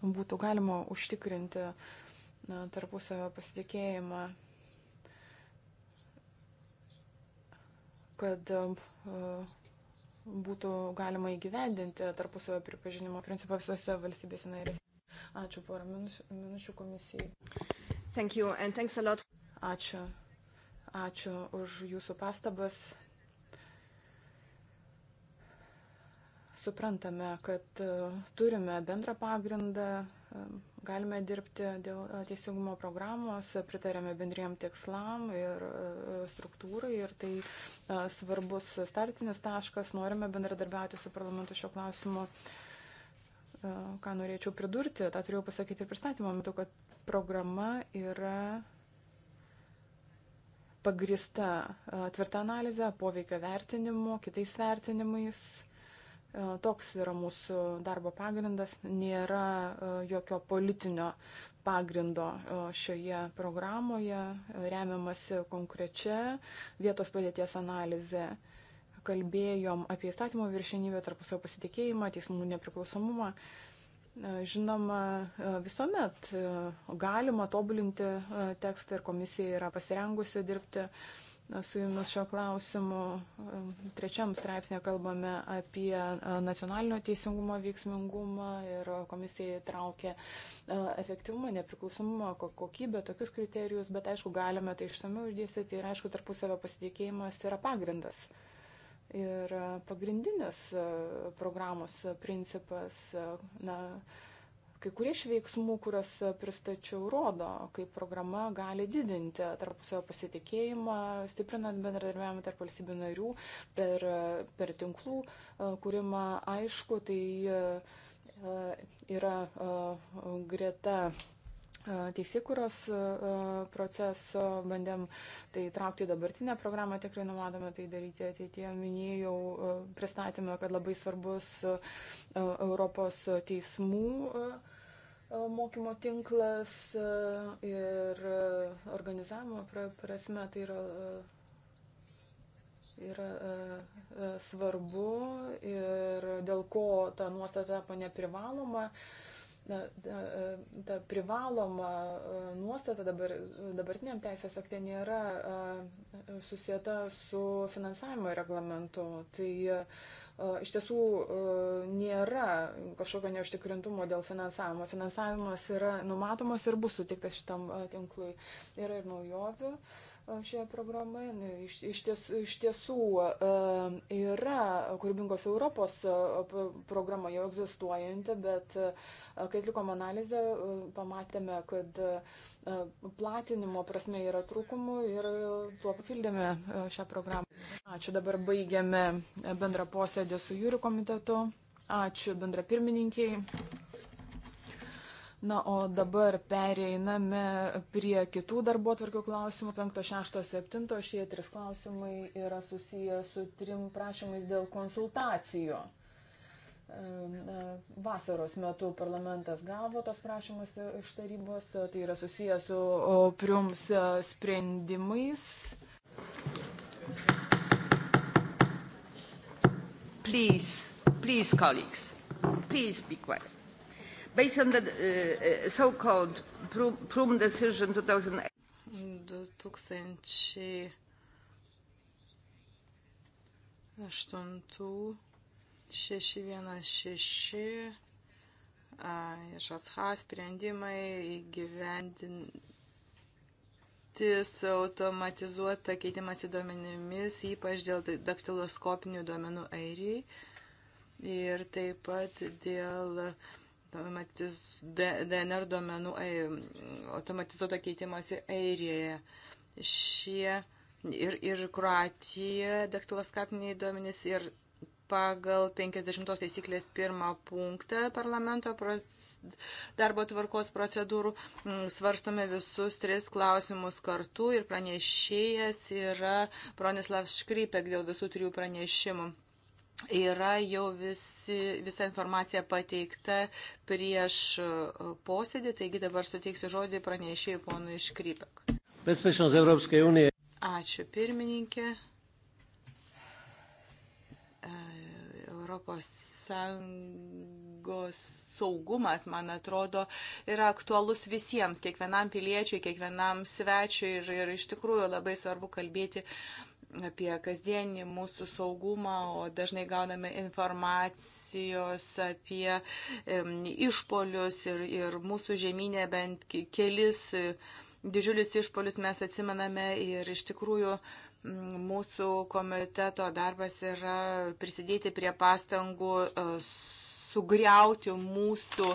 būtų galima užtikrinti uh, tarpusavio pasitikėjimą kad būtų galima įgyvendinti tarpusavio pripažinimo principą visose valstybėse narėse. Ačiū porą minučių, minučių komisijai. Thank you and thanks a lot. Ačiū. Ačiū už jūsų pastabas. Suprantame, kad uh, turime bendrą pagrindą um, Galime dirbti dėl e, teisingumo programos, pritarėme bendriem tikslam ir e, struktūrai ir tai e, svarbus startinis taškas. Norime bendradarbiauti su parlamentu šio klausimu. Ką norėčiau pridurti, tą turėjau pasakyti ir pristatymą, matau, kad programa yra pagrista tvirta analizė, poveikio vertinimu, kitais vertinimais E, toks yra mūsų darbo pagrindas, nėra e, jokio politinio pagrindo e, šioje programoje, remiamasi konkrečia vietos padėties analizė. Kalbėjom apie įstatymo viršenybę, tarpusavio pasitikėjimą, teismų nepriklausomumą. Žinoma, visuomet galima tobulinti tekstą ir komisija yra pasirengusi dirbti su jumis šio klausimu. Trečiam straipsnė kalbame apie e, nacionalinio teisingumo veiksmingumą ir komisija įtraukė e, efektyvumą, nepriklausomumą, kokybę, tokius kriterijus, bet aišku, galime tai išsamiau išdėstyti ir aišku, tarpusavio pasitikėjimas yra pagrindas. Ir e, pagrindinis programos principas, na, Kai kurie iš veiksmų, kuriuos pristačiau, rodo, kaip programa gali didinti tarpusavio pasitikėjimą, stiprinant bendradarbiavimą tarp valstybių narių per, per tinklų e, kūrimą. Aišku, tai e, yra e, greta teisėkuros proceso, bandėm tai traukti į dabartinę programą, tikrai numatome tai daryti ateityje. Minėjau pristatymą, kad labai svarbus Europos teismų E, mokymo tinklas e, ir e, organizavimo prasme tai yra, yra svarbu ir dėl ko ta nuostata tapo neprivaloma na, ta privaloma nuostata dabar, dabartiniam teisės akte nėra susieta su finansavimo reglamentu. Tai E, iš tiesų e, nėra kažkokio neužtikrintumo dėl finansavimo. Finansavimas yra numatomas ir bus sutiktas šitam e, tinklui. Yra ir naujovių. Uh, šioje programoje. Na, nu, iš, iš, ties, iš tiesų yra kūrybingos Europos programa jau egzistuojanti, bet kai atlikom analizę, pamatėme, kad platinimo prasme yra trūkumų ir tuo papildėme šią programą. Ačiū, dabar baigiame bendrą posėdį su jūrių komitetu. Ačiū bendra pirmininkiai. Na, o dabar pereiname prie kitų darbo atvarkių klausimų. 5, 6, 7 šie trys klausimai yra susiję su trim prašymais dėl konsultacijų. E, vasaros metu parlamentas gavo tos prašymus iš tarybos, tai yra susiję su priums e, sprendimais. Please, please, colleagues, please be quiet. Based on the uh, uh so-called Prum decision 2008, 616 iš ASHA sprendimai įgyvendintis automatizuota keitimas į duomenimis, ypač dėl daktiloskopinių duomenų airiai ir taip pat dėl uh, automatiz, DNR duomenų automatizuoto keitimosi Airijoje. Šie ir, ir Kroatija daktiloskapiniai duomenys ir pagal 50 taisyklės pirmą punktą parlamento darbo tvarkos procedūrų svarstome visus tris klausimus kartu ir pranešėjas yra Bronislav Škrypek dėl visų trijų pranešimų yra jau visi, visa informacija pateikta prieš e, posėdį, taigi dabar suteiksiu žodį pranešėjai ponui Škrypek. Ačiū pirmininkė. E, Europos Sąjungos saugumas, man atrodo, yra aktualus visiems, kiekvienam piliečiui, kiekvienam svečiui ir, ir iš tikrųjų labai svarbu kalbėti uh, apie kasdienį mūsų saugumą, o dažnai gauname informacijos apie išpolius ir, ir mūsų žemynė bent kelis e, didžiulius išpolius mes atsimename ir iš tikrųjų mūsų komiteto darbas yra prisidėti prie pastangų e, sugriauti mūsų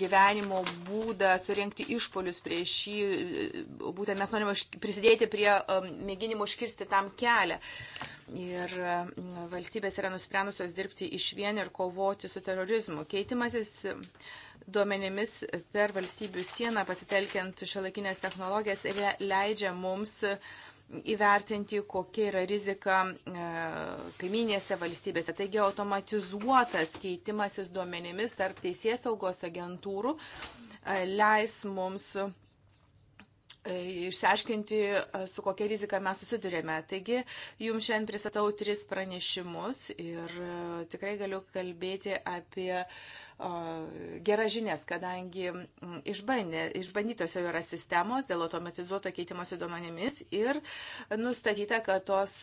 gyvenimo būdą, surinkti išpolius prieš jį. Būtent mes norime prisidėti prie um, mėginimo užkirsti tam kelią. Ir um, valstybės yra nusprendusios dirbti iš vien ir kovoti su terorizmu. Keitimasis duomenimis per valstybių sieną pasitelkiant šiolaikinės technologijas leidžia mums uh, įvertinti, kokia yra rizika e, kaiminėse valstybėse. Taigi automatizuotas keitimasis duomenimis tarp teisės saugos agentūrų e, leis mums e, išsiaiškinti, su kokia rizika mes susidurėme. Taigi, jums šiandien pristatau tris pranešimus ir tikrai galiu kalbėti apie uh, geras žinias, kadangi išbandė, išbandytos jau yra sistemos dėl automatizuoto keitimosi duomenimis ir nustatyta, kad tos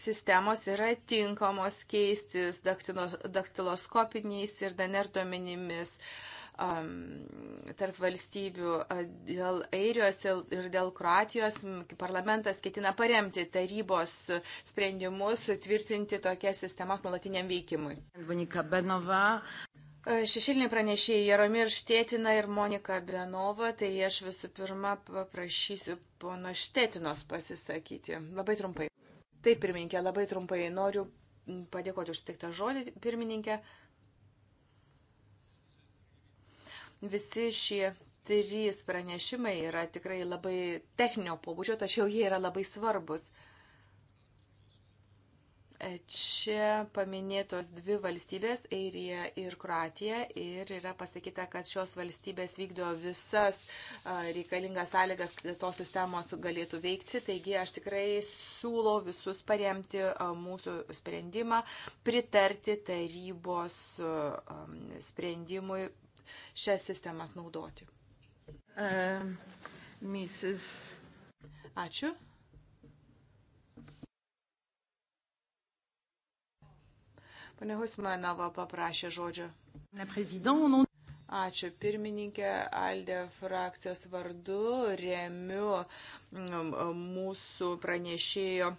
sistemos yra tinkamos keistis daktiloskopiniais ir DNR duomenimis tarp valstybių dėl Airijos ir dėl Kroatijos parlamentas ketina paremti tarybos sprendimus, tvirtinti tokias sistemas nuolatiniam veikimui. E, Šešiliniai pranešėjai Jaromir Štėtina ir Monika Benova, tai aš visų pirma paprašysiu pono Štėtinos pasisakyti. Labai trumpai. Taip, pirmininkė, labai trumpai noriu padėkoti už suteiktą žodį, pirmininkė. Visi šie trys pranešimai yra tikrai labai techninio pobūdžio, tačiau jie yra labai svarbus. Čia paminėtos dvi valstybės - Airija ir Kroatija. Ir yra pasakyta, kad šios valstybės vykdo visas reikalingas sąlygas, kad tos sistemos galėtų veikti. Taigi aš tikrai siūlau visus paremti mūsų sprendimą, pritarti tarybos sprendimui šias sistemas naudoti. Uh, Mrs. Ačiū. Pane Husmanova paprašė žodžio. Ačiū pirmininkė Aldė frakcijos vardu, remiu mm, mūsų pranešėjo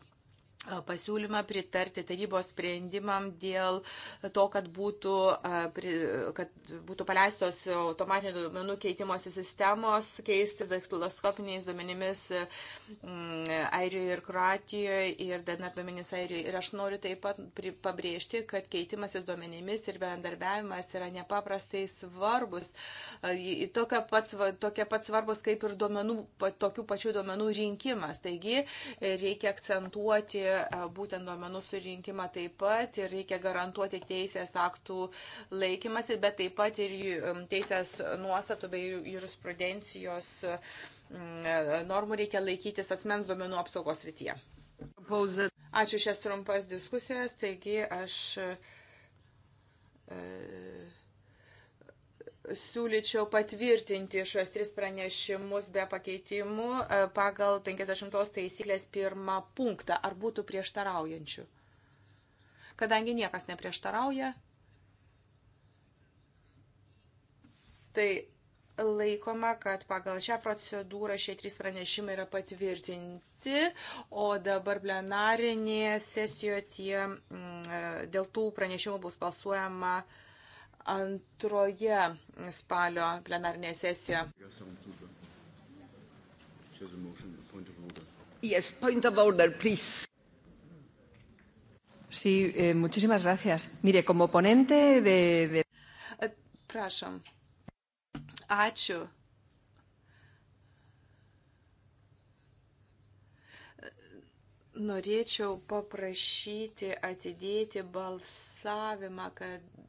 pasiūlymą pritarti tarybos sprendimam dėl to, kad būtų, kad būtų paleistos automatinio duomenų keitimosi sistemos, keistis daktiloskopiniais duomenimis Airijoje ir Kroatijoje ir DNR duomenys Airijoje. Ir aš noriu taip pat pabrėžti, kad keitimasis duomenimis ir bendarbiavimas yra nepaprastai svarbus. Tokia pat, tokia pat svarbus kaip ir duomenų, tokių pačių duomenų rinkimas. Taigi reikia akcentuoti E, būtent duomenų surinkimą taip pat ir reikia garantuoti teisės aktų laikymasi, bet taip pat ir teisės nuostatų bei jurisprudencijos e, normų reikia laikytis asmens duomenų apsaugos rytyje. Ačiū šias trumpas diskusijas, taigi aš e, siūlyčiau patvirtinti šios tris pranešimus be pakeitimų e, pagal 50 taisyklės pirmą punktą. Ar būtų prieštaraujančių? Kadangi niekas neprieštarauja, tai laikoma, kad pagal šią procedūrą šie trys pranešimai yra patvirtinti, o dabar plenarinėje sesijoje tie, mm, e, dėl tų pranešimų bus balsuojama uh, antroje spalio plenarnėje sesijoje. Yes, point of order, please. Sí, eh, muchísimas gracias. Mire, como ponente de. de... Eh, prašom. Ačiū. Norėčiau paprašyti atidėti balsavimą, kad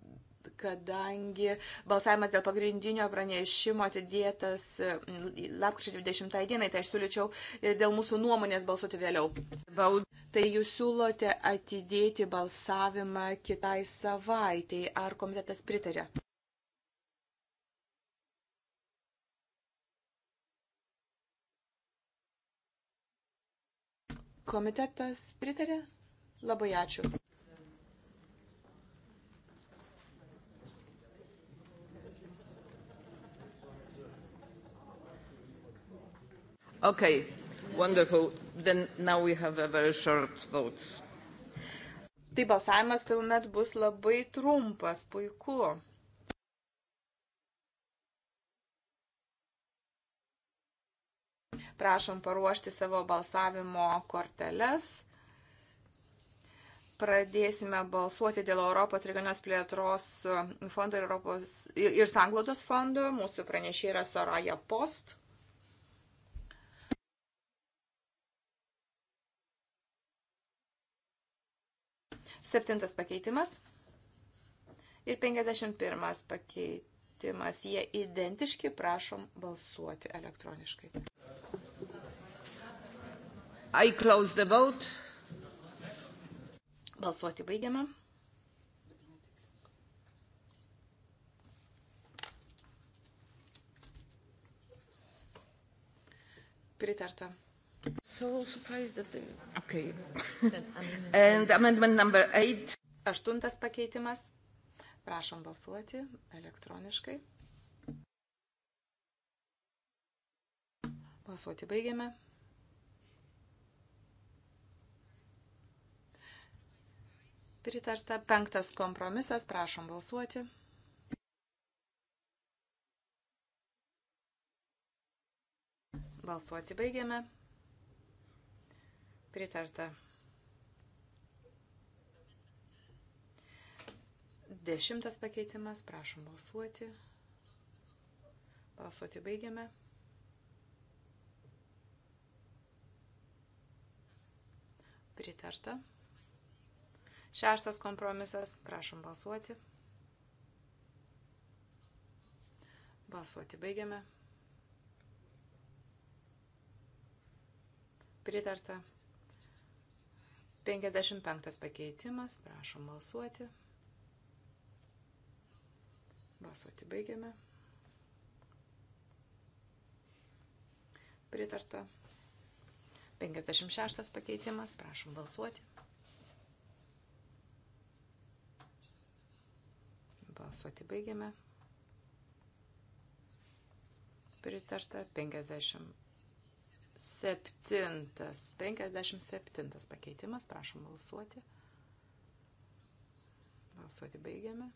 kadangi balsavimas dėl pagrindinio pranešimo atidėtas e, lapkričio 20 dienai, tai aš siūlyčiau ir e, dėl mūsų nuomonės balsuoti vėliau. Baud. Tai jūs siūlote atidėti balsavimą kitai savaitėjai, ar komitetas pritarė? Komitetas pritarė? Labai ačiū. Okay, wonderful. Then now we have a very short vote. Tai balsavimas tuomet bus labai trumpas, puiku. Prašom paruošti savo balsavimo korteles. Pradėsime balsuoti dėl Europos regionės plėtros fondo ir, Europos, ir, ir sanglodos fondo. Mūsų pranešė yra Soraya Post. Septintas pakeitimas ir 51 pakeitimas. Jie identiški, prašom balsuoti elektroniškai. I close the vote. Balsuoti baigiama. Pritarta. So surprised that... Okay. And amendment number 8. Aštuntas pakeitimas. Prašom balsuoti elektroniškai. Balsuoti baigiame. Pritarta penktas kompromisas, prašom balsuoti. Balsuoti baigiame. Pritarta. Dešimtas pakeitimas. Prašom balsuoti. Balsuoti baigiame. Pritarta. Šeštas kompromisas. Prašom balsuoti. Balsuoti baigiame. Pritarta. 55 pakeitimas, prašom balsuoti. Balsuoti baigiame. Pritarta. 56 pakeitimas, prašom balsuoti. Balsuoti baigiame. Pritarta 50. Septintas, 57 pakeitimas, prašom balsuoti. Balsuoti baigiame.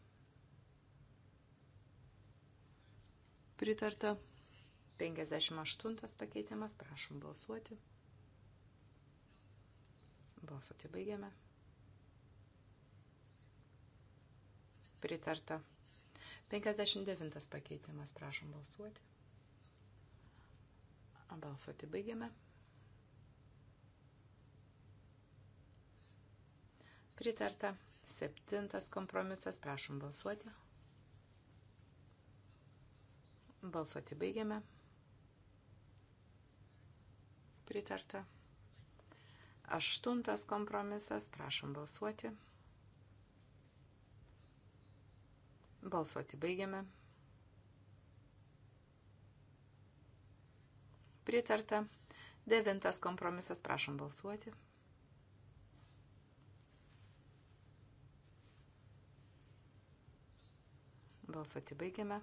Pritarta. 58 pakeitimas, prašom balsuoti. Balsuoti baigiame. Pritarta. 59 pakeitimas, prašom balsuoti. Balsuoti baigiame. Pritarta. Septintas kompromisas. Prašom balsuoti. Balsuoti baigiame. Pritarta. Aštuntas kompromisas. Prašom balsuoti. Balsuoti baigiame. pritarta. Devintas kompromisas, prašom balsuoti. Balsuoti baigiame.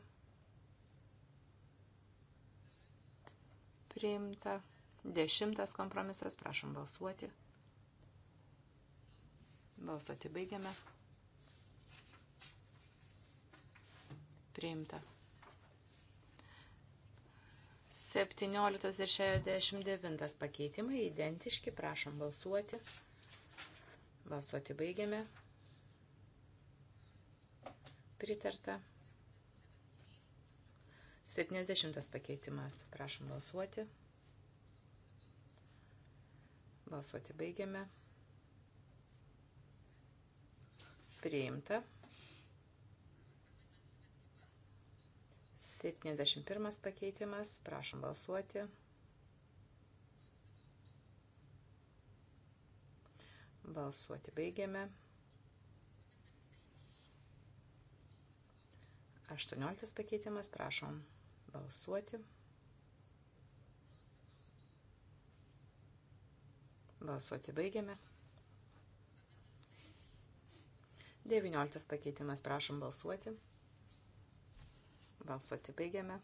Priimta. Dešimtas kompromisas, prašom balsuoti. Balsuoti baigiame. Priimta. 17 ir 69 pakeitimai identiški, prašom balsuoti. Balsuoti baigiame. Pritarta. 70 pakeitimas, prašom balsuoti. Balsuoti baigiame. Priimta. 71 pakeitimas. Prašom balsuoti. Balsuoti baigiame. 18 pakeitimas. Prašom balsuoti. Balsuoti baigiame. 19 pakeitimas. Prašom balsuoti. Balsuoti baigiame.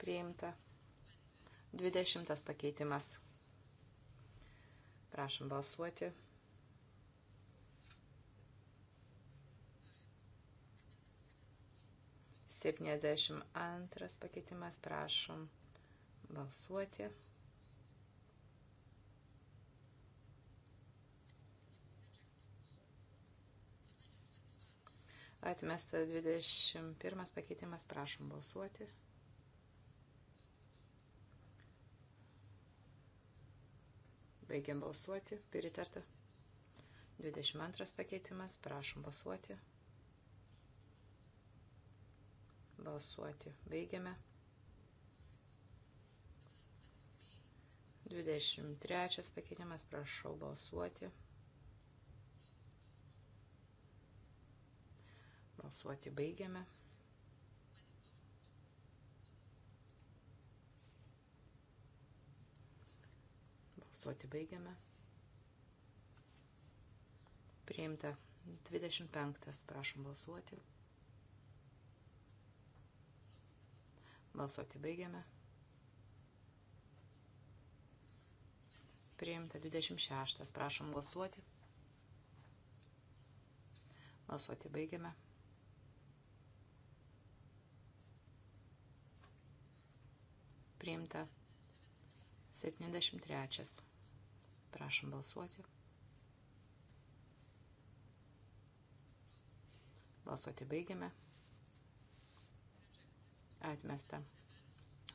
Priimta. 20 pakeitimas. Prašom balsuoti. Septyniasdešimt antras pakeitimas. Prašom balsuoti. Atmesta 21 pakeitimas, prašom balsuoti. Baigiam balsuoti, pritarta. 22 pakeitimas, prašom balsuoti. Balsuoti, baigiame. 23 pakeitimas, prašau balsuoti. Balsuoti baigiame. Balsuoti baigiame. Priimta 25. Prašom balsuoti. Balsuoti baigiame. Priimta 26. Prašom balsuoti. Balsuoti baigiame. Priimta. 73. Prašom balsuoti. Balsuoti baigiame. Atmesta.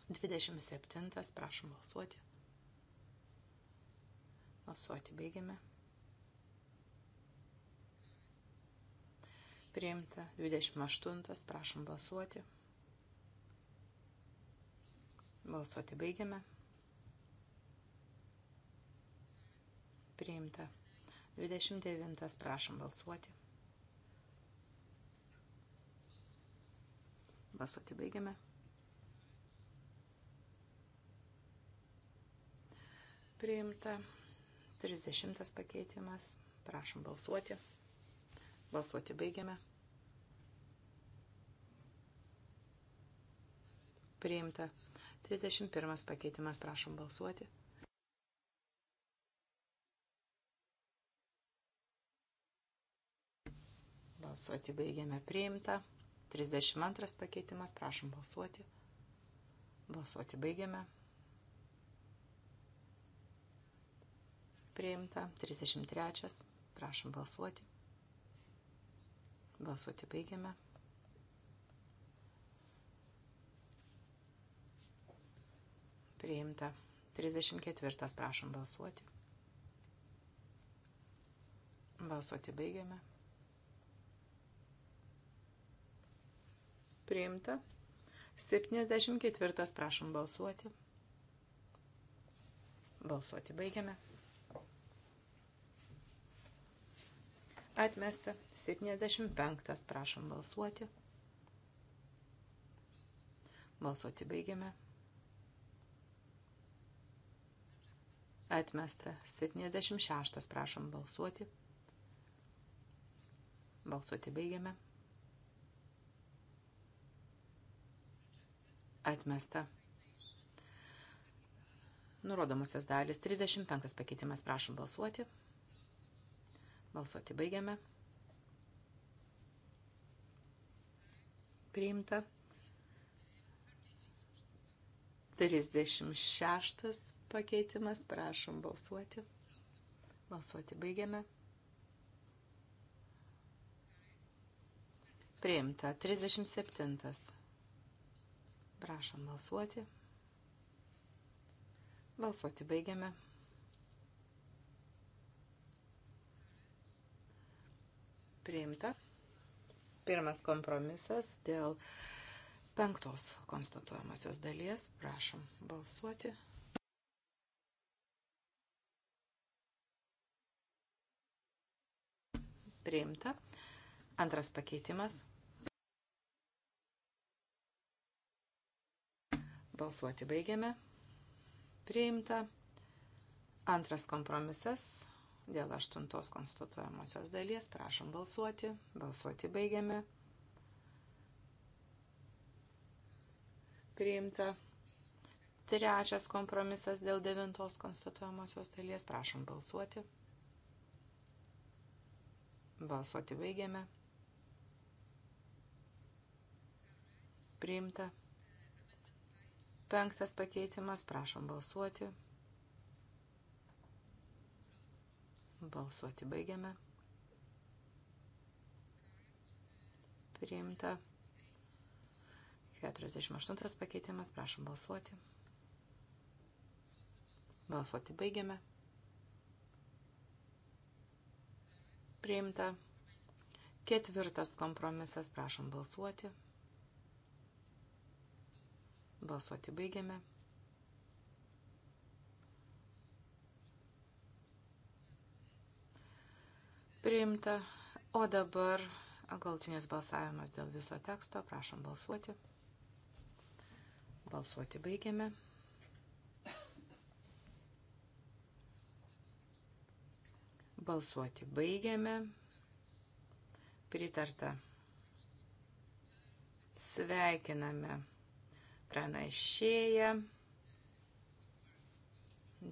27. Prašom balsuoti. Balsuoti baigiame. Priimta. 28. Prašom balsuoti. Balsuoti baigiame. Priimta. 29. Prašom balsuoti. Balsuoti baigiame. Priimta. 30. pakeitimas. Prašom balsuoti. Balsuoti baigiame. Priimta. 31 pakeitimas, prašom balsuoti. Balsuoti baigiame priimta. 32 pakeitimas, prašom balsuoti. Balsuoti baigiame. Priimta. 33, prašom balsuoti. Balsuoti baigiame. Priimta. 34. Prašom balsuoti. Balsuoti baigiame. Priimta. 74. Prašom balsuoti. Balsuoti baigiame. Atmesta. 75. Prašom balsuoti. Balsuoti baigiame. Atmesta. 76. Prašom balsuoti. Balsuoti baigiame. Atmesta. Nurodomosios dalis. 35. Pakeitimas. Prašom balsuoti. Balsuoti baigiame. Priimta. 36 pakeitimas. Prašom balsuoti. Balsuoti baigiame. Priimta. 37. Prašom balsuoti. Balsuoti baigiame. Priimta. Pirmas kompromisas dėl penktos konstatuojamosios dalies. Prašom balsuoti. priimta. Antras pakeitimas. Balsuoti baigiame. Priimta. Antras kompromisas. Dėl aštuntos konstatuojamosios dalies prašom balsuoti. Balsuoti baigiame. Priimta. Trečias kompromisas dėl devintos konstatuojamosios dalies. Prašom balsuoti. Balsuoti baigiame. Priimta. Penktas pakeitimas. Prašom balsuoti. Balsuoti baigiame. Priimta. 48 pakeitimas. Prašom balsuoti. Balsuoti baigiame. Priimta. Ketvirtas kompromisas. Prašom balsuoti. Balsuoti baigiame. Priimta. O dabar galtinės balsavimas dėl viso teksto. Prašom balsuoti. Balsuoti baigiame. Balsuoti baigiame. Pritarta. Sveikiname pranešėją.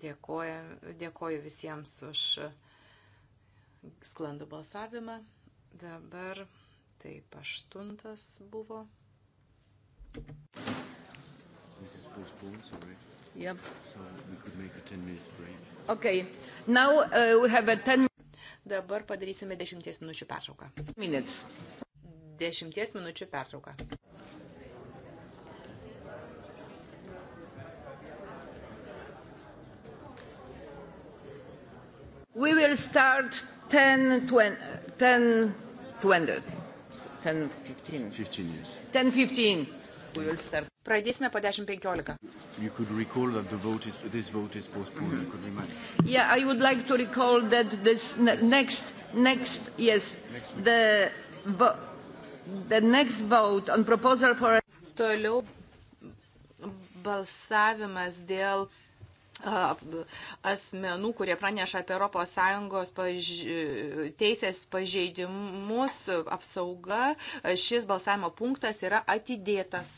Dėkoju, dėkoju visiems už sklandų balsavimą. Dabar taip aštuntas buvo. This is postponed, sorry. Yep. So we could make a 10 minutes break. Okay. Now uh, we have a 10 Dabar padarysime 10 minučių pertrauką. Minutes. 10 minučių pertrauką. We will start 10, 20, 10, 20, 10, 15. 15 years. 10, 15. We will start. Pradėsime po 10.15. Yeah, I would like to recall that this next, next, yes, the, the next vote on proposal for... Toliau balsavimas dėl uh, asmenų, kurie praneša apie ES paž... teisės pažeidimus, apsauga, šis balsavimo punktas yra atidėtas.